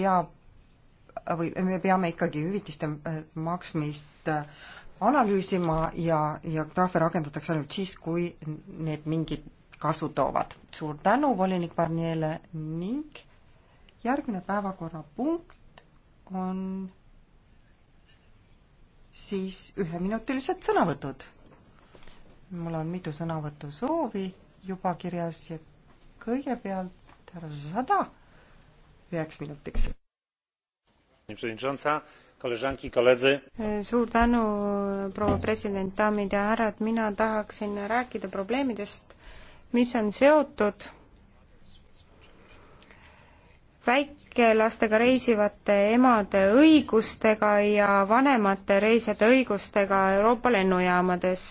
peab või me peame ikkagi hüvitiste äh, maksmist äh, analüüsima ja, ja trahve rakendatakse ainult siis, kui need mingit kasu toovad. suur tänu volinik Barniele ning järgmine päevakorrapunkt on siis üheminutilised sõnavõtud. mul on mitu sõnavõtusoovi juba kirjas ja kõigepealt härra Sada üheks minutiks. suur tänu, proua president, daamid ja härrad, mina tahaksin rääkida probleemidest, mis on seotud väikelastega reisivate emade õigustega ja vanemate reisijate õigustega Euroopa lennujaamades.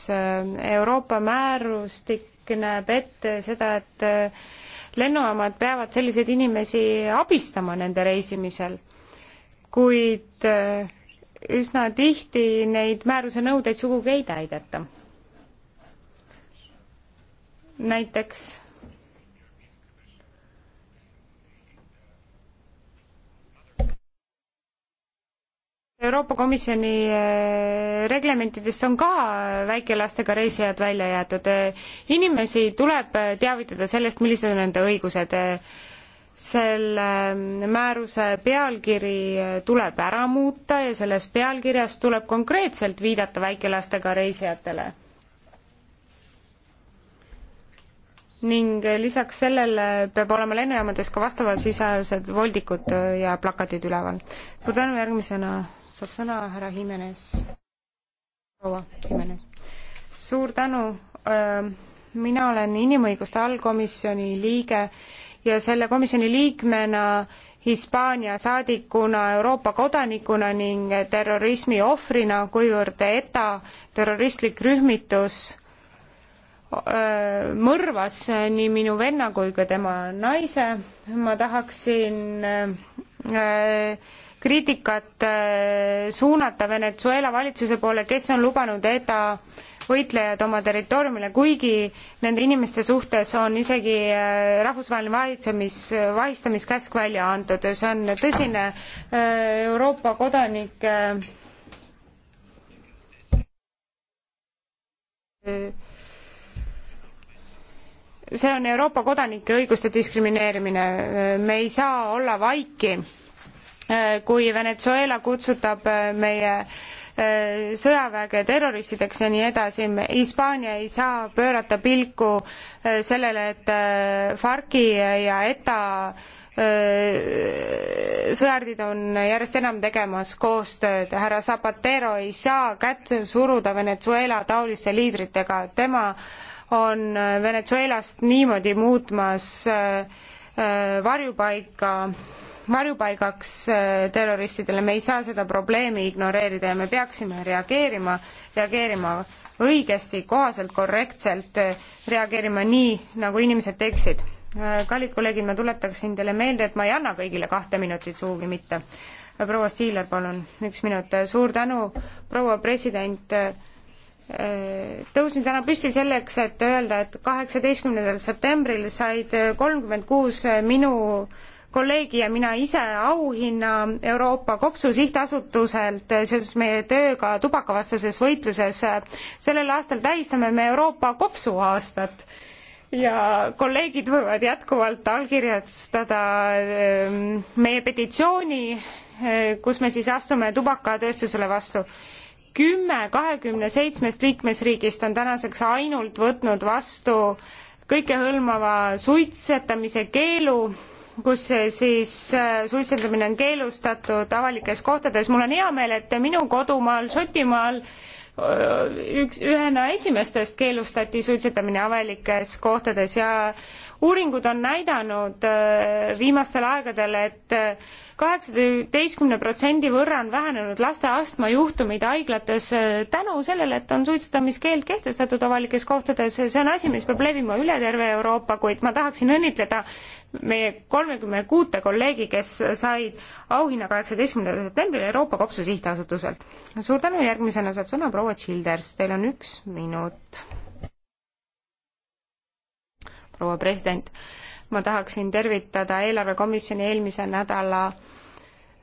Euroopa määrustik näeb ette seda, et lennujaamad peavad selliseid inimesi abistama nende reisimisel, kuid äh, üsna tihti neid määruse nõudeid sugugi ei täideta. näiteks Euroopa Komisjoni eh, reglementidest on ka väikelastega reisijad välja jäetud. Eh, inimesi tuleb eh, teavitada sellest, millised on nende õigused. selle mm, määruse pealkiri tuleb ära muuta ja selles pealkirjas tuleb konkreetselt viidata väikelastega reisijatele. ning lisaks sellele peab olema lennujaamades ka vastavad sisesed voldikud ja plakatid üleval. suur tänu, järgmisena saab sõna härra Jimenez, proua Jimenez. suur tänu, ähm, mina olen inimõiguste allkomisjoni liige ja selle komisjoni liikmena Hispaania saadikuna, Euroopa kodanikuna ning terrorismi ohvrina, kuivõrd ETA terroristlik rühmitus äh, mõrvas nii minu venna kui ka tema naise. ma tahaksin äh, Äh, kriitikat äh, suunata Venezuela valitsuse poole, kes on lubanud ETA võitlejad oma territooriumile, kuigi nende inimeste suhtes on isegi äh, rahvusvaheline vahistamis, vahistamiskäsk välja antud ja see on tõsine Euroopa kodanike see on Euroopa kodanike õiguste diskrimineerimine, me ei saa olla vaiki, äh, kui Venezuela kutsutab äh, meie äh, sõjaväge terroristideks ja nii edasi, Hispaania ei saa pöörata pilku sellele, et FARC-i ja ETA sõjardid on järjest enam tegemas koostööd, härra Zapatero ei saa kätt suruda Venezuela taoliste liidritega, tema äh, on Venezuelast niimoodi muutmas äh, äh, varjupaika, varjupaigaks äh, terroristidele, me ei saa seda probleemi ignoreerida ja me peaksime reageerima, reageerima õigesti, kohaselt, korrektselt, reageerima nii, nagu inimesed teeksid. kallid kolleegid, ma tuletaksin teile meelde, et ma ei anna kõigile kahte minutit sugugi mitte. proua Stiiler, palun, üks minut. suur tänu, proua president tõusin täna püsti selleks, et öelda, et kaheksateistkümnendal septembril said kolmkümmend kuus minu kolleegi ja mina ise auhinna Euroopa Kopsu sihtasutuselt seoses meie tööga tubakavastases võitluses. sellel aastal tähistame me Euroopa Kopsu aastat ja kolleegid võivad jätkuvalt allkirjastada ehm, meie petitsiooni, ehm, kus me siis astume tubakatööstusele vastu kümme kahekümne seitsmest liikmesriigist on tänaseks ainult võtnud vastu kõikehõlmava suitsetamise keelu, kus siis äh, suitsetamine on keelustatud avalikes kohtades. mul on hea meel, et minu kodumaal Šotimaal üks, ühena esimestest keelustati suitsetamine avalikes kohtades ja uuringud on näidanud äh, viimastel aegadel et, et äh, kaheksateistkümne protsendi võrra on vähenenud laste astmajuhtumid haiglates äh, tänu sellele, et on suitsetamiskeeld kehtestatud avalikes kohtades. see on asi, mis peab levima üle terve Euroopa, kuid ma tahaksin õnnitleda meie kolmekümne kuute kolleegi, kes said auhinna kaheksateistkümnendal septembril Euroopa Kopsu Sihtasutuselt. suur tänu, järgmisena saab sõna proua Childers, teil on üks minut. proua president, ma tahaksin tervitada eelarvekomisjoni eelmise nädala äh,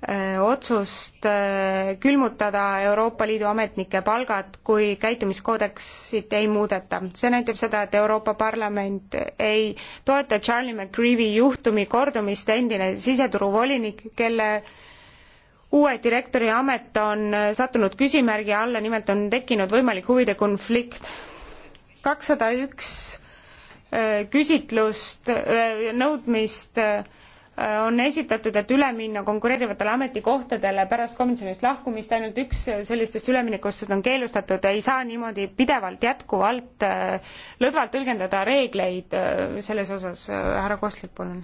Äh, otsust äh, külmutada Euroopa Liidu ametnike palgad, kui käitumiskoodeksit ei muudeta. see näitab seda, et Euroopa Parlament ei toeta Charlie McGreevy juhtumi kordumist, endine siseturuvolinik, kelle uue direktori amet on äh, sattunud küsimärgi alla, nimelt on tekkinud võimalik huvide konflikt. kakssada üks küsitlust, nõudmist Äh, on esitatud, et üle minna konkureerivatele ametikohtadele pärast komisjonist lahkumist, ainult üks sellistest üleminekustest on keelustatud, ei saa niimoodi pidevalt jätkuvalt äh, lõdvalt tõlgendada reegleid äh, selles osas, härra Kostlik, palun.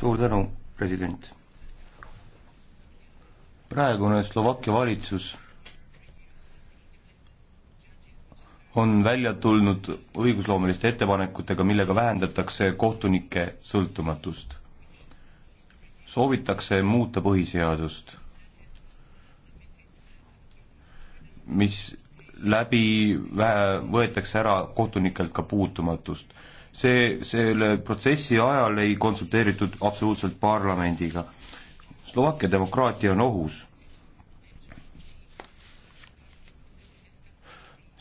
suur tänu, president praegune Slovakkia valitsus on välja tulnud õigusloomeliste ettepanekutega, millega vähendatakse kohtunike sõltumatust. soovitakse muuta põhiseadust, mis läbi vähe, võetakse ära kohtunikelt ka puutumatust. see, selle protsessi ajal ei konsulteeritud absoluutselt parlamendiga Slovakkia demokraatia on ohus.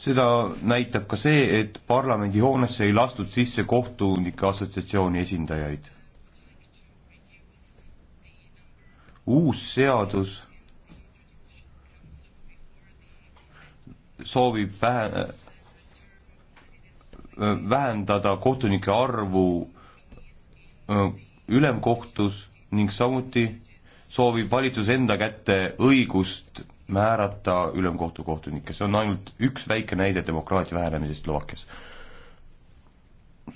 seda näitab ka see, et parlamendihoonesse ei lastud sisse kohtunike assotsiatsiooni esindajaid. uus seadus soovib vähe, vähendada kohtunike arvu äh, ülemkohtus ning samuti soovib valitsus enda kätte õigust määrata ülemkohtu kohtunikke, see on ainult üks väike näide demokraatia vähenemisest Slovakkias.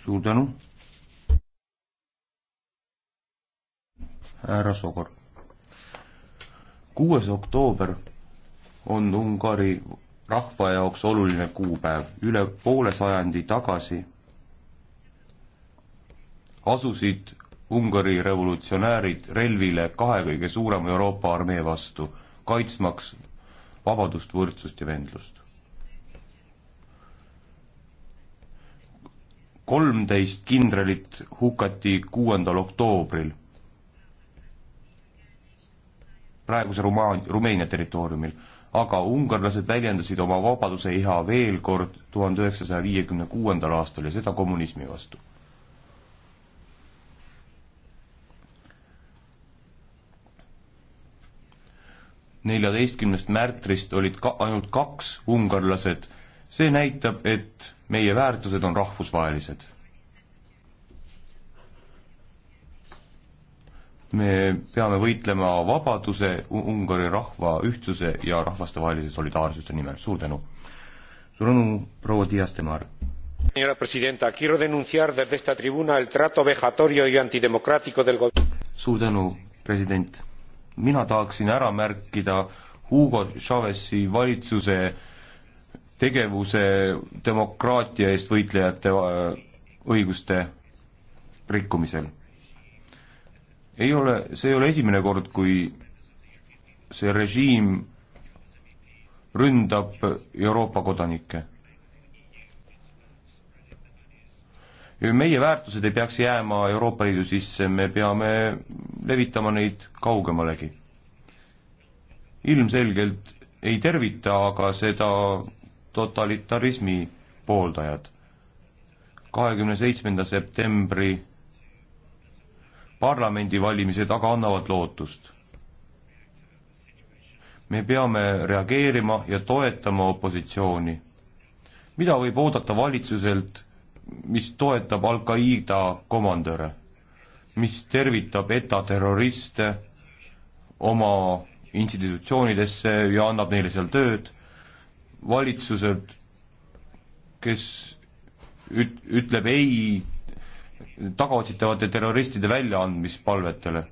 suur tänu. härra Sogor. kuues oktoober on Ungari rahva jaoks oluline kuupäev, üle poole sajandi tagasi asusid Ungari revolutsionäärid relvile kahe kõige suurema Euroopa armee vastu, kaitsmaks vabadust, võrdsust ja vendlust. kolmteist kindralit hukati kuuendal oktoobril praeguse Rumaan-, Rumeenia territooriumil, aga ungarlased väljendasid oma vabaduse iha veel kord tuhande üheksasaja viiekümne kuuendal aastal ja seda kommunismi vastu neljateistkümnest märtrist olid ka ainult kaks ungarlased. see näitab, et meie väärtused on rahvusvahelised. me peame võitlema vabaduse, Ungari rahva ühtsuse ja rahvastevahelise solidaarsuse nimel, suur tänu. suur tänu, proua Dias de Mar. Señora presidenta, quiero denunciar desde esta tribuna el trato vejatorio y antidemocrático del gobierno. Suur tänu, president mina tahaksin ära märkida Hugo Chavez'i valitsuse tegevuse demokraatia eest võitlejate äh, õiguste rikkumisel. ei ole, see ei ole esimene kord, kui see režiim ründab Euroopa kodanikke meie väärtused ei peaks jääma Euroopa Liidu sisse, me peame levitama neid kaugemalegi. ilmselgelt ei tervita aga seda totalitarismi pooldajad. kahekümne seitsmenda septembri parlamendivalimised aga annavad lootust. me peame reageerima ja toetama opositsiooni. mida võib oodata valitsuselt, mis toetab Al-Qaeda komandöre, mis tervitab ETA terroriste oma institutsioonidesse ja annab neile seal tööd, valitsused, kes üt-, ütleb ei tagaotsitavate terroristide väljaandmispalvetele.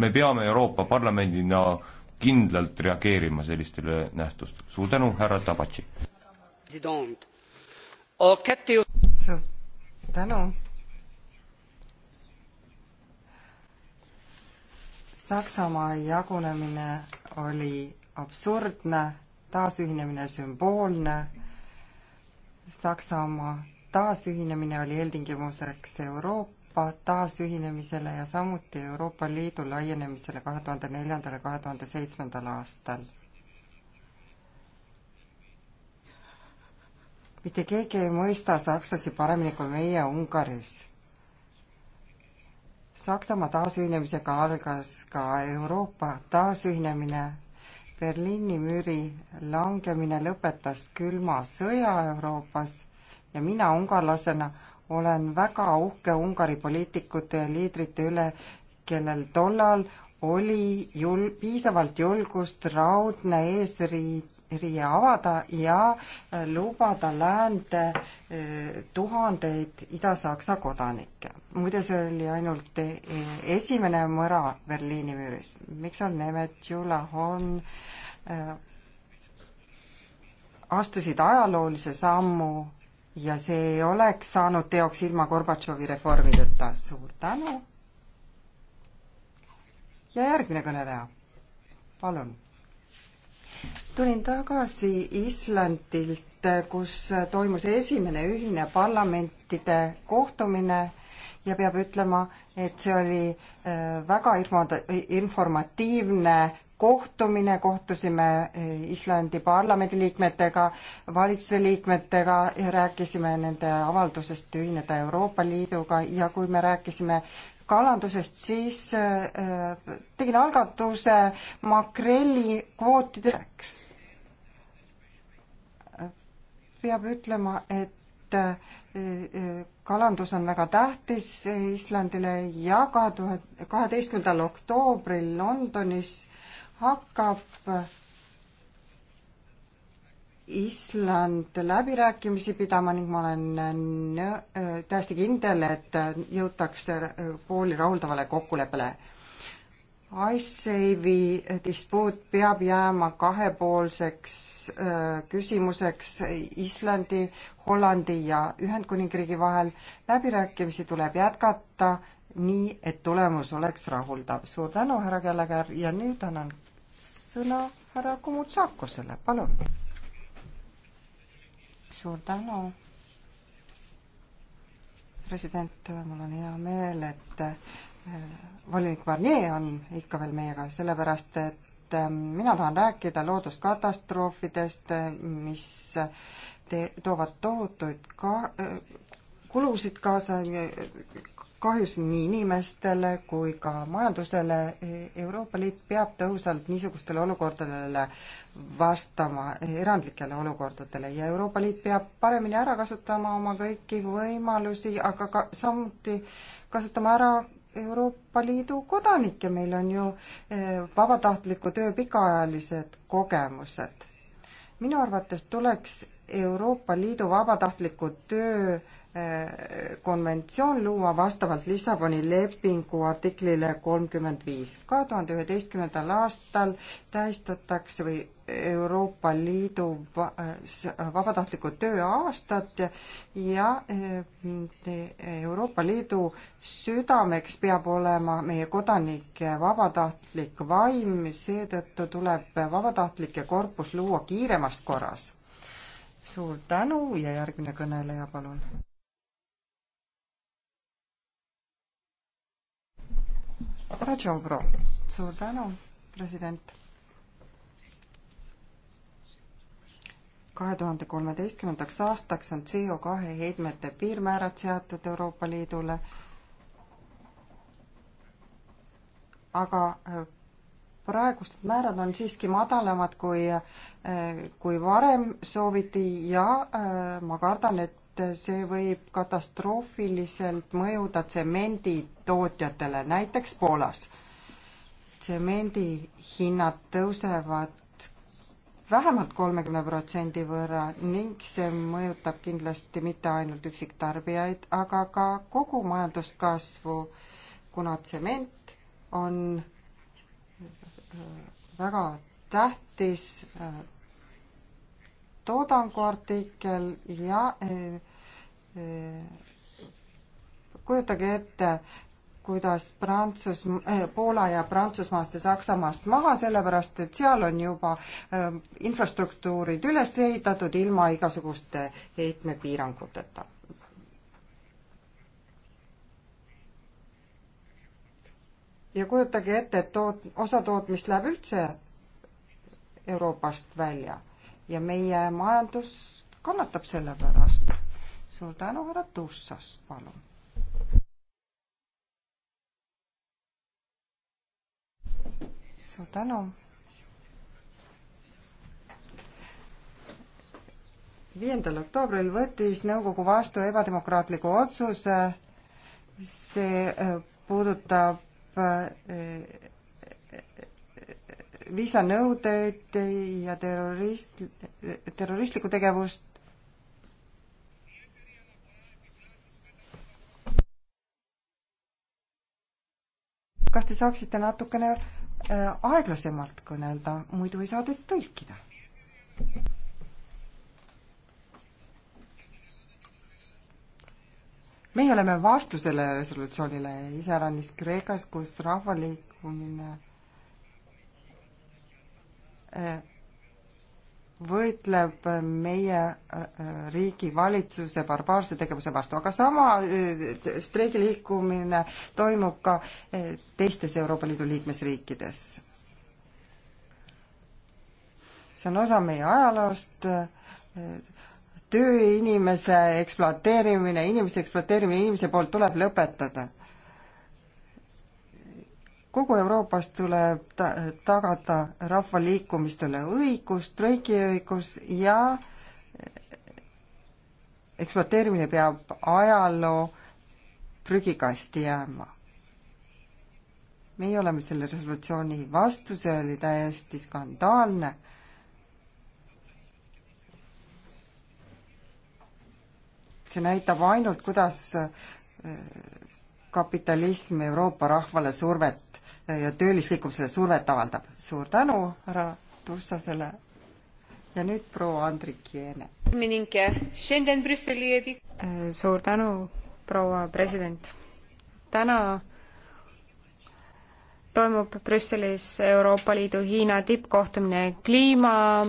me peame Euroopa Parlamendina kindlalt reageerima sellistele nähtustele. suur tänu, härra Tabatši! tänu. Saksamaa jagunemine oli absurdne, taasühinemine sümboolne. Saksamaa taasühinemine oli eeltingimuseks Euroopa taasühinemisele ja samuti Euroopa Liidu laienemisele kahe tuhande neljandal ja kahe tuhande seitsmendal aastal mitte keegi ei mõista sakslasi paremini kui meie Ungaris. Saksamaa taasühinemisega algas ka Euroopa taasühinemine. Berliini müüri langemine lõpetas külma sõja Euroopas ja mina ungarlasena olen väga uhke Ungari poliitikute ja liidrite üle, kellel tollal oli jul-, piisavalt julgust raudne eesriid piiri avada ja äh, lubada läände äh, tuhandeid Ida-Saksa kodanikke. muide, see oli ainult äh, esimene mõra Berliini müüris. miks on Nemet, Jula, Horn astusid ajaloolise sammu ja see ei oleks saanud teoks ilma Gorbatšovi reformideta. suur tänu! ja järgmine kõneleja, palun tulin tagasi Islandilt, kus toimus esimene ühine parlamentide kohtumine ja peab ütlema, et see oli äh, väga informatiivne kohtumine, kohtusime äh, Islandi parlamendi liikmetega, valitsuse liikmetega ja rääkisime nende avaldusest ühineda Euroopa Liiduga ja kui me rääkisime kalandusest, siis äh, tegin algatuse makrelli kvootideks. peab ütlema, et äh, kalandus on väga tähtis Islandile ja kahe tuhande kaheteistkümnendal oktoobril Londonis hakkab Island läbirääkimisi pidama ning ma olen täiesti kindel, et jõutakse pooli rahuldavale kokkuleppele. Icesave'i dispuut peab jääma kahepoolseks küsimuseks Islandi, Hollandi ja Ühendkuningriigi vahel. läbirääkimisi tuleb jätkata nii, et tulemus oleks rahuldav. suur tänu, härra Kelleger, ja nüüd annan sõna härra Kumutsakosele, palun suur tänu, president, mul on hea meel, et äh, volinik Barnier on ikka veel meiega, sellepärast et äh, mina tahan rääkida looduskatastroofidest, äh, mis te-, toovad tohutuid ka-, kulusid kaasa, kahjus nii inimestele kui ka majandusele. Euroopa Liit peab tõhusalt niisugustele olukordadele vastama, erandlikele olukordadele ja Euroopa Liit peab paremini ära kasutama oma kõiki võimalusi, aga ka samuti kasutama ära Euroopa Liidu kodanikke, meil on ju eh, vabatahtliku töö pikaajalised kogemused. minu arvates tuleks Euroopa Liidu vabatahtliku töö konventsioon luua vastavalt Lissaboni lepingu artiklile kolmkümmend viis. ka tuhande üheteistkümnendal aastal tähistatakse või Euroopa Liidu vabatahtliku töö aastat ja, ja e, Euroopa Liidu südameks peab olema meie kodanike vabatahtlik vaim, seetõttu tuleb vabatahtlike korpus luua kiiremas korras. suur tänu ja järgmine kõneleja, palun härra Tšobro, suur tänu, president. kahe tuhande kolmeteistkümnendaks aastaks on CO kahe heitmete piirmäärad seatud Euroopa Liidule. aga äh, praegused määrad on siiski madalamad kui, äh, kui varem sooviti ja äh, ma kardan, et et see võib katastroofiliselt mõjuda tsemenditootjatele, näiteks Poolas. tsemendi hinnad tõusevad vähemalt kolmekümne protsendi võrra ning see mõjutab kindlasti mitte ainult üksiktarbijaid, aga ka kogu majanduskasvu, kuna tsement on väga tähtis toodangu artikkel ja eh, eh, kujutage ette, kuidas Prantsus-, eh, Poola ja Prantsusmaast ja Saksamaast maha, sellepärast et seal on juba infrastruktuurid üles ehitatud ilma igasuguste heitmepiiranguteta. ja kujutage ette, et toot-, osa tootmist läheb üldse Euroopast välja ja meie majandus kannatab selle pärast. suur tänu, härra Tussas, palun. suur tänu. viiendal oktoobril võttis nõukogu vastu ebademokraatliku otsuse, see eh, puudutab eh, viisanõudeid ja terrorist, terroristlikku tegevust. kas te saaksite natukene äh, aeglasemalt kõnelda, muidu ei saa teid tõlkida? meie oleme vastu sellele resolutsioonile, iseäranis Kreekas, kus rahvaliikumine võitleb meie äh, riigi valitsuse barbaarse tegevuse vastu, aga sama äh, streigiliikumine toimub ka äh, teistes Euroopa Liidu liikmesriikides. see on osa meie ajaloost, tööinimese ekspluateerimine, inimese ekspluateerimine inimese poolt tuleb lõpetada kogu Euroopas tuleb ta-, tagada rahvaliikumistele õigus, streigiõigus ja ekspluateerimine peab ajaloo prügikasti jääma. meie oleme selle resolutsiooni vastu, see oli täiesti skandaalne. see näitab ainult, kuidas äh, kapitalism Euroopa rahvale survet ja töölisliikumisele survet avaldab. suur tänu härra Tursasele ja nüüd proua Andrik Jeene. Äh, suur tänu, proua president. täna toimub Brüsselis Euroopa Liidu Hiina tippkohtumine. kliima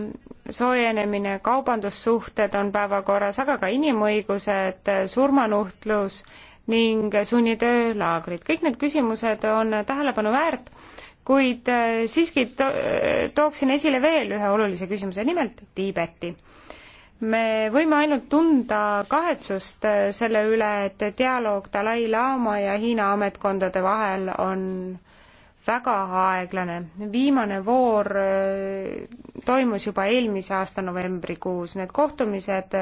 soojenemine, kaubandussuhted on päevakorras, aga ka inimõigused, surmanuhtlus ning sunnitöölaagrid. kõik need küsimused on tähelepanu väärt, kuid äh, siiski to tooksin esile veel ühe olulise küsimuse, nimelt Tiibeti. me võime ainult tunda kahetsust äh, selle üle, et dialoog Dalai-laama ja Hiina ametkondade vahel on väga aeglane. viimane voor äh, toimus juba eelmise aasta novembrikuus, need kohtumised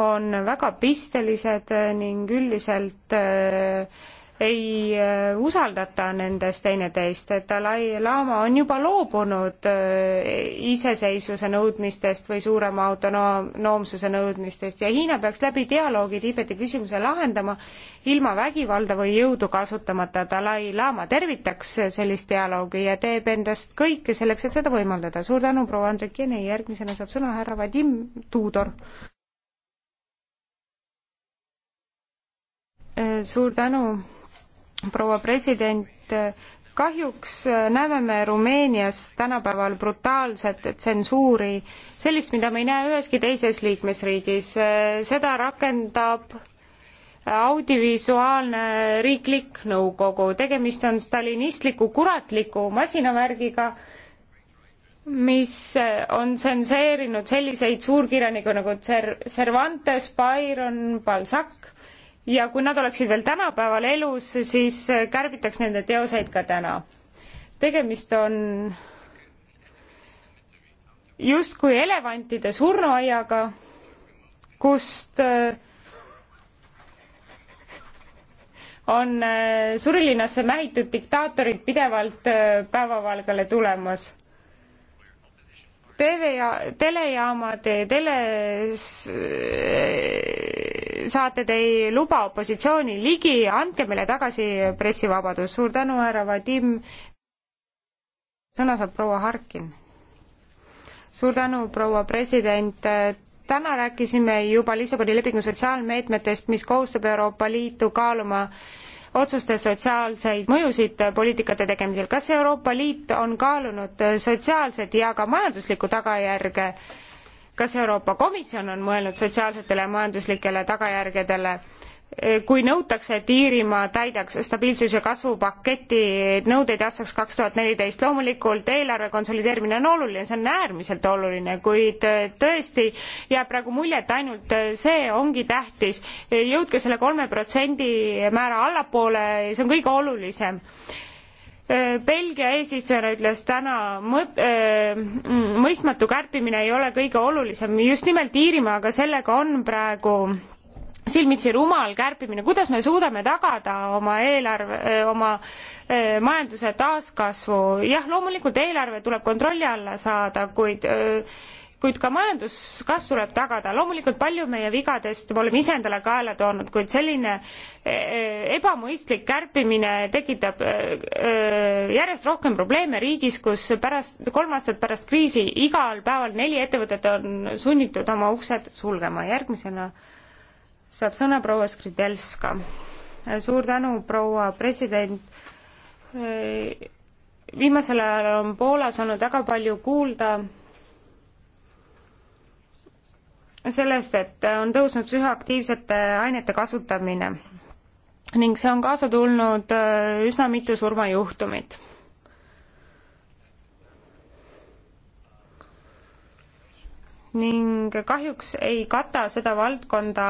on väga pistelised ning üldiselt äh, ei äh, usaldata nendes teineteist, et Dalai-laama on juba loobunud äh, iseseisvuse nõudmistest või suurema autonoomsuse nõudmistest ja Hiina peaks läbi dialoogi Tiibeti küsimuse lahendama ilma vägivalda või jõudu kasutamata. Dalai-laama tervitaks sellist dialoogi ja teeb endast kõike selleks, et seda võimaldada. suur tänu, proua Andrikene, järgmisena saab sõna härra Vadim Tuudor. suur tänu, proua president. kahjuks näeme me Rumeenias tänapäeval brutaalset tsensuuri, sellist, mida me ei näe üheski teises liikmesriigis. seda rakendab audivisuaalne riiklik nõukogu, tegemist on stalinistliku kuratliku masinavärgiga, mis on tsenseerinud selliseid suurkirjanikke nagu Cer-, Cervantes, Byron, Balzac ja kui nad oleksid veel tänapäeval elus, siis kärbitaks nende teoseid ka täna. tegemist on justkui elevantide surnuaiaga, kust äh, on äh, surilinnasse mähitud diktaatorid pidevalt äh, päevavalgele tulemas TV ja telejaamade teles saate te ei luba opositsiooni ligi, andke meile tagasi pressivabadus, suur tänu, härra Vadim. sõna saab proua Harkin. suur tänu, proua president täna rääkisime juba Lissaboni lepingu sotsiaalmeetmetest, mis kohustab Euroopa Liitu kaaluma otsuste sotsiaalseid mõjusid poliitikate tegemisel. kas Euroopa Liit on kaalunud sotsiaalset ja ka majanduslikku tagajärge äh, kas Euroopa Komisjon on mõelnud sotsiaalsetele ja majanduslikele tagajärgedele kui nõutakse, et Iirimaa täidaks stabiilsuse kasvupaketi nõudeid aastaks kaks tuhat neliteist, loomulikult eelarve konsolideerimine on oluline, see on äärmiselt oluline, kuid tõesti jääb praegu mulje, et ainult see ongi tähtis. jõudke selle kolme protsendi määra allapoole, see on kõige olulisem Äh, Belgia eesistujana ütles täna, äh, mm, mõistmatu kärpimine ei ole kõige olulisem, just nimelt Iirimaaga sellega on praegu silmitsi rumal kärpimine, kuidas me suudame tagada oma eelarve, äh, oma majanduse taaskasvu, jah, loomulikult eelarve tuleb kontrolli alla saada, kuid öö, kuid ka majanduskasv tuleb tagada. loomulikult palju meie vigadest me oleme ise endale kaela toonud, kuid selline e, e, ebamõistlik kärpimine tekitab e, järjest rohkem probleeme riigis, kus pärast, kolm aastat pärast kriisi igal päeval neli ettevõtet on sunnitud oma uksed sulgema. järgmisena saab sõna proua Skridelska. suur tänu, proua president viimasel ajal on Poolas olnud väga palju kuulda sellest, et on tõusnud psühhoaktiivsete ainete kasutamine ning see on kaasa tulnud äh, üsna mitu surmajuhtumit. ning kahjuks ei kata seda valdkonda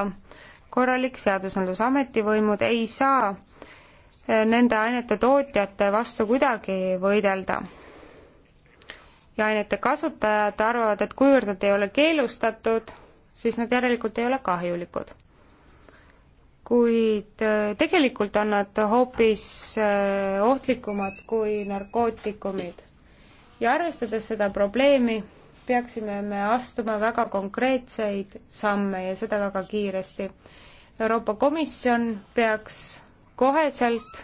korralik seadusandlus, ametivõimud ei saa äh, nende ainete tootjate vastu kuidagi võidelda ja ainete kasutajad arvavad, et kuivõrd nad ei ole keelustatud, siis nad järelikult ei ole kahjulikud. kuid äh, tegelikult on nad hoopis äh, ohtlikumad kui narkootikumid. ja arvestades seda probleemi, peaksime me astuma väga konkreetseid samme ja seda väga kiiresti. Euroopa Komisjon peaks koheselt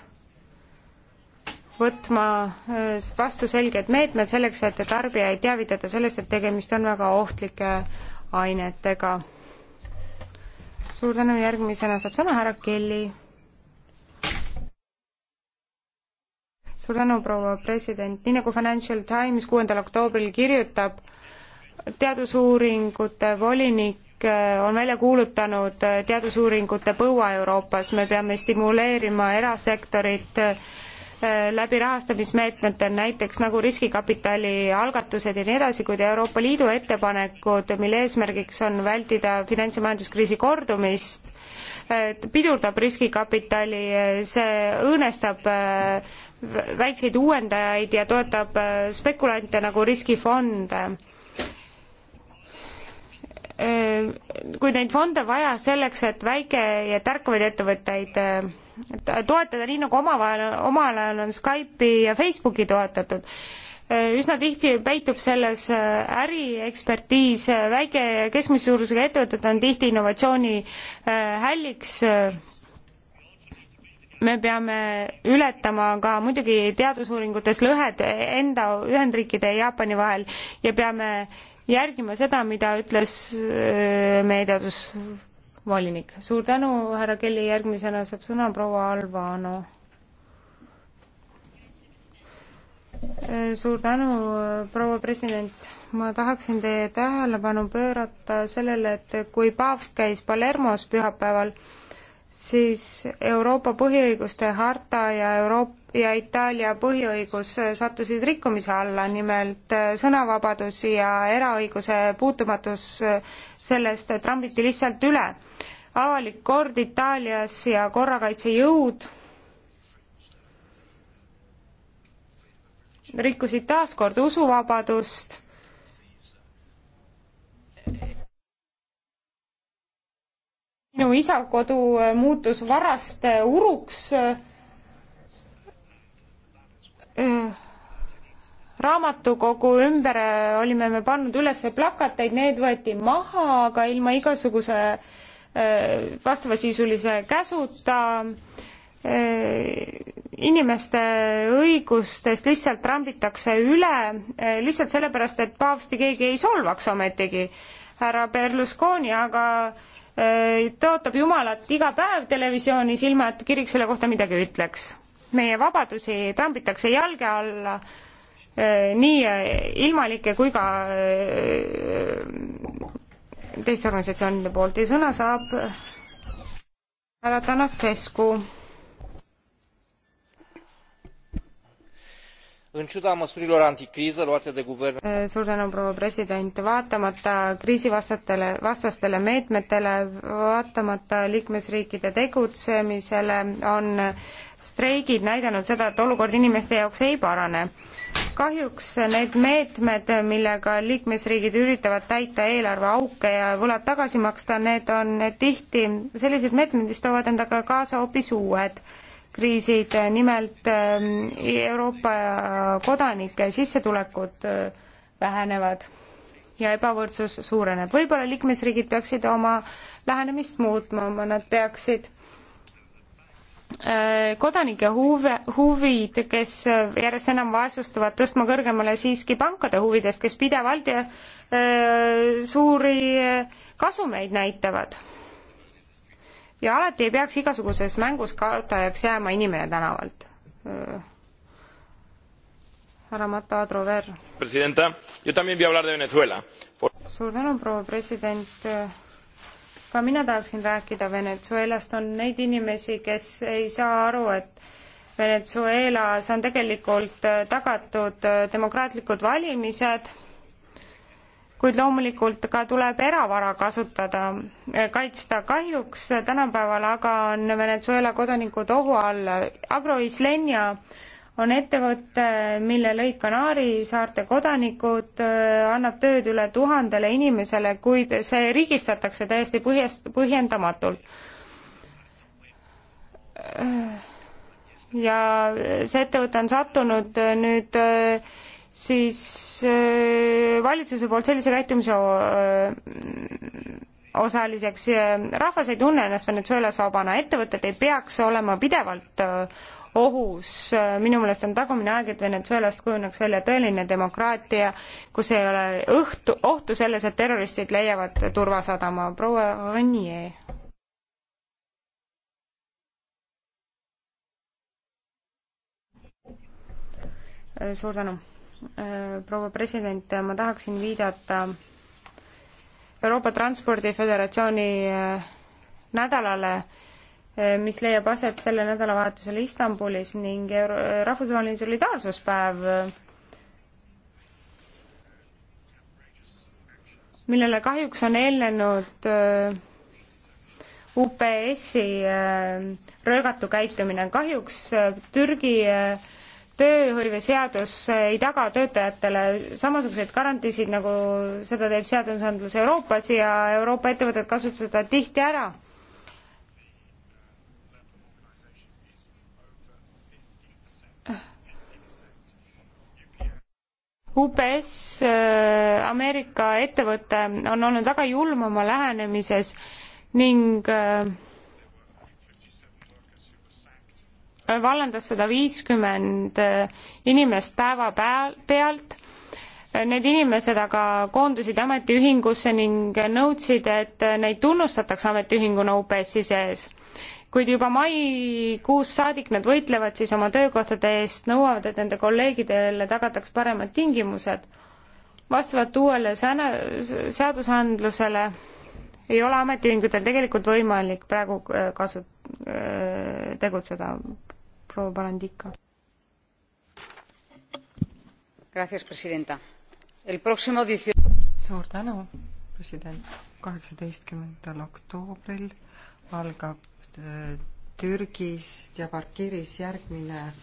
võtma äh, vastu selged meetmed selleks, et tarbijaid teavitada sellest, et tegemist on väga ohtlike ainetega. suur tänu, järgmisena saab sõna härra Kelly. suur tänu, proua president, nii nagu Financial Times kuuendal oktoobril kirjutab, teadusuuringute volinik äh, on välja kuulutanud äh, teadusuuringute põua Euroopas, me peame stimuleerima erasektorit äh, Äh, läbi rahastamismeetmete, näiteks nagu riskikapitali algatused ja nii edasi, kuid Euroopa Liidu ettepanekud, mille eesmärgiks on vältida finants- ja majanduskriisi kordumist, pidurdab riskikapitali, see õõnestab äh, väikseid uuendajaid ja toetab äh, spekulante nagu riskifonde kui neid fonde vaja selleks, et väike ja tärkavaid ettevõtteid toetada, nii nagu omavahel, omal ajal on Skype'i ja Facebooki toetatud. üsna tihti peitub selles äh, äriekspertiis, äh, väike ja keskmise suurusega ettevõtted on tihti innovatsiooni hälliks äh, me peame ületama ka muidugi teadusuuringutes lõhed enda Ühendriikide ja Jaapani vahel ja peame järgima seda, mida ütles meie teadus volinik. suur tänu, härra Kelly, järgmisena saab sõna proua Alvano. suur tänu, proua president ma tahaksin teie tähelepanu pöörata sellele, et kui paavst käis Palermos pühapäeval, siis Euroopa põhiõiguste harta ja Euroop- ja Itaalia põhiõigus sattusid rikkumise alla, nimelt sõnavabadus ja eraõiguse puutumatus, sellest trambiti lihtsalt üle. avalik kord Itaalias ja korrakaitsejõud rikkusid taas kord usuvabadust minu isa kodu äh, muutus varast äh, uruks. Äh, raamatukogu ümber olime me pannud üles plakateid, need võeti maha, aga ilma igasuguse vastavasisulise käsuta inimeste õigustest lihtsalt trambitakse üle lihtsalt sellepärast, et paavsti keegi ei solvaks ometigi. härra Berlusconi aga äh, Äh, tõotab Jumalat iga päev televisioonis, ilma et kirik selle kohta midagi ütleks. meie vabadusi trambitakse jalge alla äh, nii äh, ilmalike kui ka teiste organisatsioonide poolt ja sõna saab härra Tanasescu. în ciuda măsurilor anticriză luate de guverne. Eh, suur tänu, proua president, vaatamata kriisivastastele, vastastele meetmetele, vaatamata liikmesriikide tegutsemisele, on streigid näidanud seda, et olukord inimeste jaoks ei parane. kahjuks need meetmed, millega liikmesriigid üritavad täita eelarveauke ja võlad tagasi maksta, need on tihti sellised meetmed, mis toovad endaga kaasa hoopis uued kriisid, nimelt ähm, Euroopa kodanike sissetulekud äh, vähenevad ja ebavõrdsus suureneb. võib-olla liikmesriigid peaksid oma lähenemist muutma, nad peaksid äh, kodanike huve, huvid, kes järjest enam vaesustuvad, tõstma kõrgemale siiski pankade huvidest, kes pidevalt ja, äh, suuri kasumeid näitavad ja alati ei peaks igasuguses mängus kaotajaks jääma inimene tänavalt. härra Mato Adrover. suur tänu, proua president. ka mina tahaksin rääkida Venezuelast, on neid inimesi, kes ei saa aru, et Venezuelas on tegelikult tagatud demokraatlikud valimised kuid loomulikult ka tuleb eravara kasutada, eh, kaitsta. kahjuks tänapäeval aga on Venezuela kodanikud ohu all. Agroislenia on ettevõte, mille lõid Kanaari saarte kodanikud, eh, annab tööd üle tuhandele inimesele, kuid see riigistatakse täiesti põhjast, põhjendamatult. Eh, ja see ettevõte on sattunud nüüd siis äh, valitsuse poolt sellise käitumise äh, osaliseks, rahvas ei tunne ennast Venezuelas vabana, ettevõtted ei peaks olema pidevalt äh, ohus, minu meelest on tagumine aeg, et Venezuelast kujuneks välja tõeline demokraatia, kus ei ole õhtu, ohtu selles, et terroristid leiavad turvasadama. proua Renier. suur tänu Äh, proua president, ma tahaksin viidata Euroopa Transpordi Föderatsiooni äh, nädalale, äh, mis leiab aset selle nädalavahetusel Istanbulis ning Euro rahvusvaheline solidaarsuspäev, millele kahjuks on eelnenud UPS-i röögatu käitumine. kahjuks Türgi tööhõiveseadus ei taga töötajatele samasuguseid garantiisid, nagu seda teeb seadusandlus Euroopas ja Euroopa ettevõtted kasutavad seda tihti ära. UPS, äh, Ameerika ettevõte, on olnud väga julm oma lähenemises ning äh, vallandas sada viiskümmend eh, inimest päeva pealt. Need inimesed aga koondusid ametiühingusse ning nõudsid, et neid tunnustatakse ametiühinguna UPS-i sees. kuid juba maikuus saadik nad võitlevad siis oma töökohtade eest, nõuavad, et nende kolleegidele tagataks paremad tingimused. vastavalt uuele sääne-, seadusandlusele ei ole ametiühingutel tegelikult võimalik praegu eh, kasu-, eh, tegutseda proua Barandika. suur tänu, president. kaheksateistkümnendal oktoobril algab äh, Türgis Diyarbakıris järgmine äh,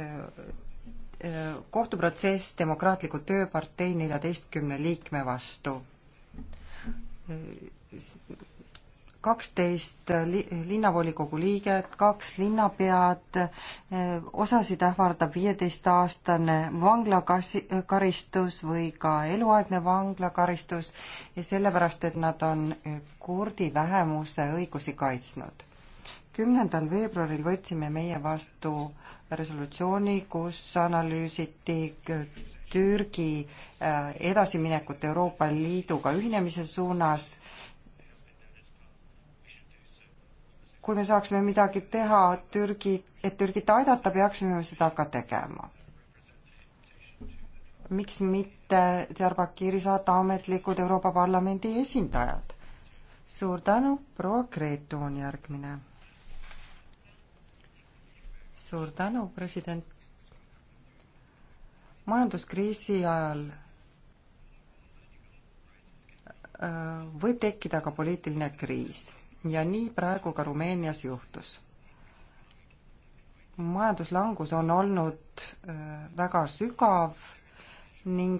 äh, kohtuprotsess Demokraatliku Tööpartei neljateistkümne liikme vastu kaksteist li-, linnavolikogu liiget, kaks linnapead, osasid ähvardab viieteistaastane vanglakasi-, karistus või ka eluaegne vanglakaristus ja sellepärast, et nad on kurdi vähemuse õigusi kaitsnud. kümnendal veebruaril võtsime meie vastu resolutsiooni, kus analüüsiti Türgi äh, edasiminekut Euroopa Liiduga ühinemise suunas kui me saaksime midagi teha Türgi, et Türgit aidata, peaksime seda ka tegema. miks mitte Diyarbakiri saata ametlikud Euroopa Parlamendi esindajad? suur tänu, proua Gretu on järgmine. suur tänu, president. majanduskriisi ajal äh, võib tekkida ka poliitiline kriis ja nii praegu ka Rumeenias juhtus. majanduslangus on olnud äh, väga sügav ning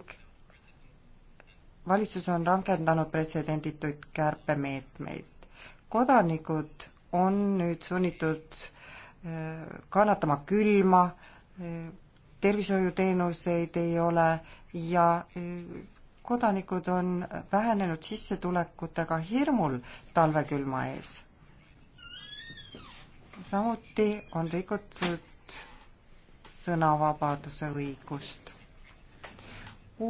valitsus on rakendanud pretsedendituid kärpemeetmeid. kodanikud on nüüd sunnitud äh, kannatama külma, äh, tervishoiuteenuseid ei ole ja kodanikud on vähenenud sissetulekutega hirmul talvekülma ees. samuti on rikutud sõnavabaduse õigust.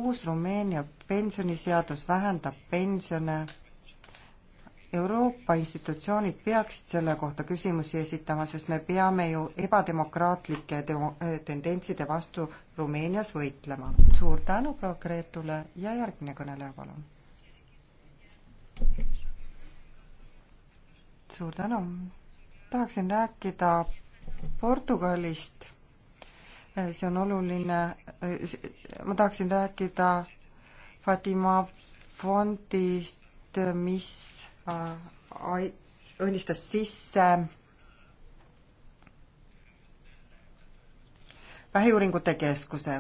uus Rumeenia pensioniseadus vähendab pensione Euroopa institutsioonid peaksid selle kohta küsimusi esitama, sest me peame ju ebademokraatlike demo-, eh, tendentside vastu Rumeenias võitlema. suur tänu proua Gretule ja järgmine kõneleja, palun. suur tänu. tahaksin rääkida Portugalist. Eh, see on oluline, eh, ma tahaksin rääkida Fatima fondist, mis Äh, õnnistas sisse Vähiuuringute Keskuse.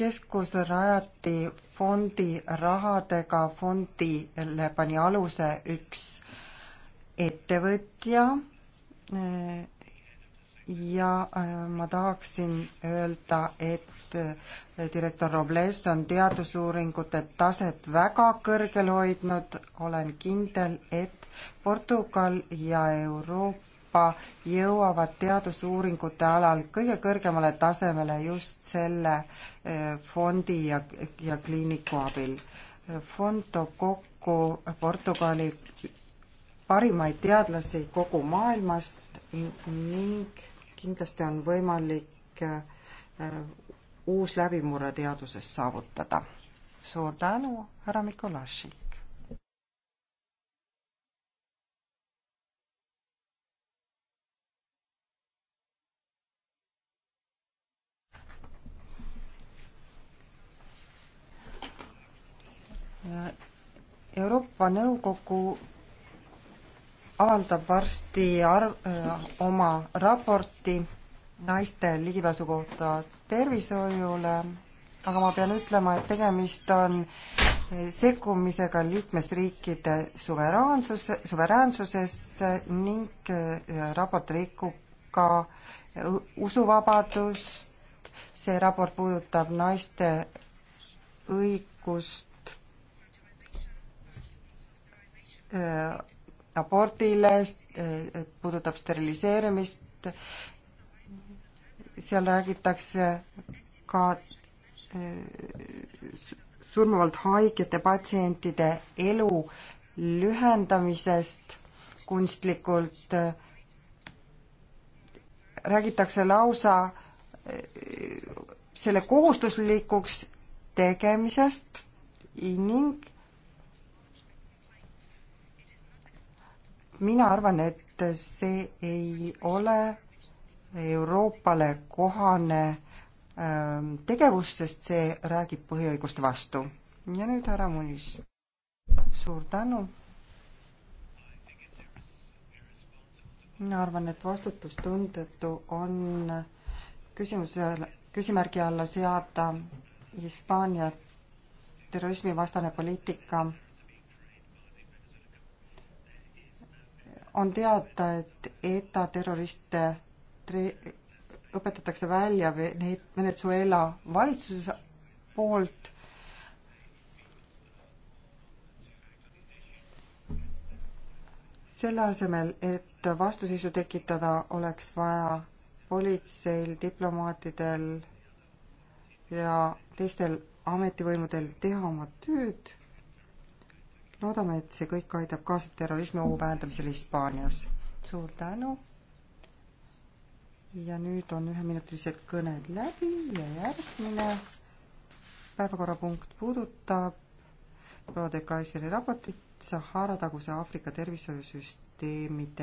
keskus rajati fondi rahadega, fondile pani aluse üks ettevõtja, ja äh, ma tahaksin öelda, et äh, direktor Robles on teadusuuringute taset väga kõrgel hoidnud, olen kindel, et Portugal ja Euroopa jõuavad teadusuuringute alal kõige kõrgemale tasemele just selle äh, fondi ja, ja kliiniku abil. fond toob kokku Portugali parimaid teadlasi kogu maailmast ning kindlasti on võimalik äh, äh, uus läbimurre teaduses saavutada. suur tänu, härra Mikolašik. Äh, Euroopa Nõukogu avaldab varsti arv, öö, äh, oma raporti naiste ligipääsu kohta tervishoiule, aga ma pean ütlema, et tegemist on äh, sekkumisega liikmesriikide suveräänsus, suveräänsusesse ning äh, raport rikub ka usuvabadust, see raport puudutab naiste õigust öö, abordile, eh, puudutab steriliseerimist, seal räägitakse ka eh, surmavalt haigete patsientide elu lühendamisest kunstlikult, räägitakse lausa eh, selle kohustuslikuks tegemisest ning mina arvan, et see ei ole Euroopale kohane ähm, tegevus, sest see räägib põhiõiguste vastu. ja nüüd härra Munis. suur tänu. mina arvan, et vastutustundetu on küsimusele, küsimärgi alla seada Hispaania terrorismivastane poliitika on teada, et ETA terroriste tre-, õpetatakse välja neid Venezuela valitsuse poolt. selle asemel, et vastuseisu tekitada, oleks vaja politseil, diplomaatidel ja teistel ametivõimudel teha oma tööd loodame, et see kõik aitab kaasa terrorismi ohu vähendamisele Hispaanias. suur tänu. ja nüüd on üheminutilised kõned läbi ja järgmine päevakorrapunkt puudutab proua de Kaiseri raportit Sahara taguse Aafrika tervishoiusüsteemide